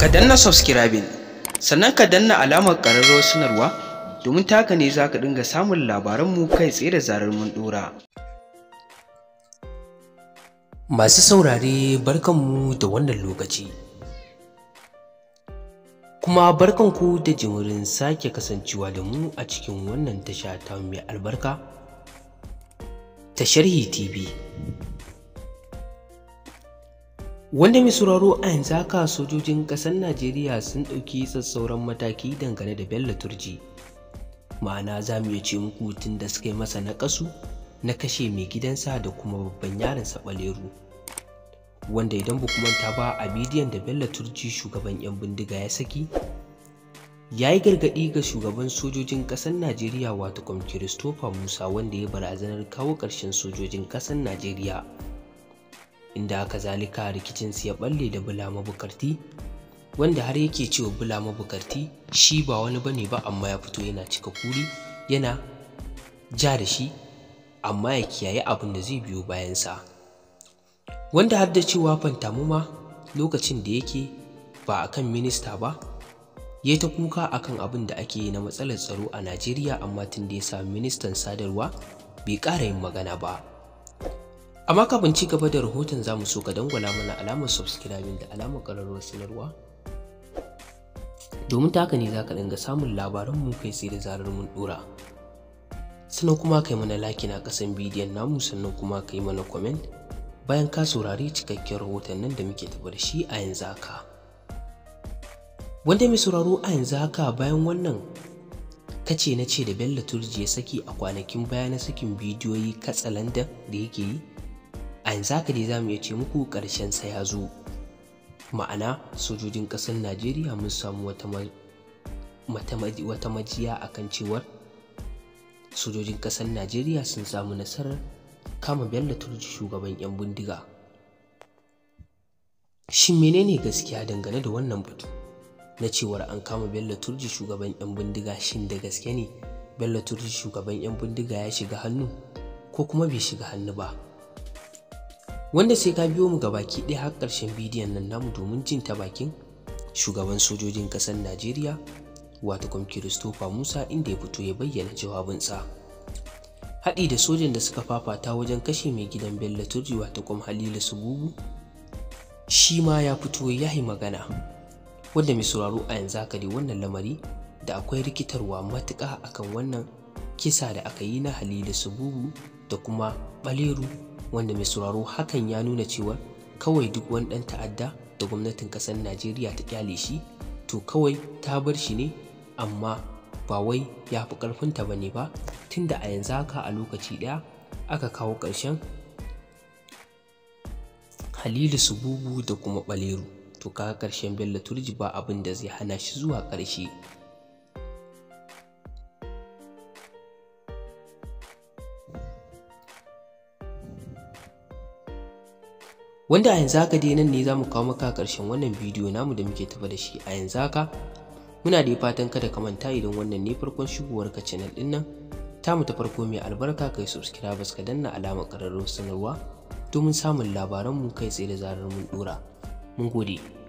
ka danna subscribing sannan ka danna alamar ƙararrawar sanarwa domin taka ne za ka dinga samun labaranmu kai tsaye da zarar mun dora. Masu saurare barkanmu da wannan lokaci. Kuma barkanku da jimurin sake kasancewa da mu a cikin wannan tasha ta mai albarka ta sharhi TV. wanda mai sauraro a yanzu haka sojojin kasar najeriya sun ɗauki tsatsauran mataki dangane da bello turji ma'ana za mu iya ce muku tun da suka yi masa na ƙasu na kashe mai gidansa da kuma babban sa baleru, wanda idan ba manta ba a bidiyon da bello turji shugaban 'yan bindiga ya saki ya yi gargaɗi ga shugaban sojojin ƙasar najeriya wato kwam christopher musa wanda ya barazanar kawo ƙarshen sojojin ƙasar najeriya inda haka zalika rikicinsu ya balle da bula mabukarti wanda har yake cewa bula mabukarti shi ba wani bane ba amma ya fito yana cika kuri yana ja da shi amma ya kiyaye abin da zai biyo bayansa wanda har da cewa fantamuma lokacin da yake ba akan minista ba ya ta kuka akan abin da ake yi na matsalar tsaro a najeriya amma tun da ya sami ministan sadarwa bai ƙara yin magana ba amma kafin ci gaba da rahoton zamu so ka dangwala mana alamar subscribing da alamar ƙararrawar sanarwa domin ta haka ne za ka dinga samun labaranmu kai sai da zarar mun dora sannan kuma kai mana like na ƙasan bidiyon namu sannan kuma kai mana comment bayan ka saurari cikakken rahoton nan da muke tafa shi a yanzu haka wanda mai sauraro a yanzu haka bayan wannan kace na ce da Bello Turji ya saki a kwanakin baya na sakin bidiyoyi katsalandan da yake yi a yanzu haka dai za mu iya ce muku ƙarshen sa ya zo ma'ana sojojin ƙasar najeriya mun samu wata majiya a kan cewar sojojin ƙasar najeriya sun samu nasarar kama bello turji shugaban 'yan bindiga shin menene gaskiya dangane da wannan batu na cewar an kama bello turji shugaban 'yan bindiga shin da gaske ne bello turji shugaban 'yan bindiga ya shiga hannu ko kuma bai shiga hannu ba wanda sai ka biyo mu ga baki ɗaya har ƙarshen bidiyon nan namu domin jin ta bakin shugaban sojojin ƙasar najeriya wato kwam christopher musa inda ya fito ya bayyana jawabinsa haɗi da sojan da suka fafata wajen kashe mai gidan bello turji wato kwam halilu subugu shi ma ya fito ya yi magana wanda mai sauraro a yanzu haka wannan lamari da akwai rikitarwa matuƙa akan wannan kisa da aka yi na halilu subugu da kuma ɓaleru wanda mai sauraro hakan ya nuna cewa kawai duk wani ɗan ta'adda da gwamnatin ƙasar najeriya ta kyale shi to kawai ta bar shi ne amma ba wai ya fi ƙarfinta ba ne ba tunda a yanzu haka a lokaci ɗaya aka kawo ƙarshen halilu sububu da kuma ɓaleru to kaga ƙarshen bello turji ba abin da zai hana shi zuwa ƙarshe wanda a yanzu haka dai nan ne za mu kawo maka ƙarshen wannan bidiyo namu da muke tafa da shi a yanzu haka muna da fatan kada ka manta idan wannan ne farkon shigowar ka channel din nan mu ta farko mai albarka kai subscribers ka danna alamar kararrun sanarwa domin samun labaran mu kai tsaye da zarar mun dora mun gode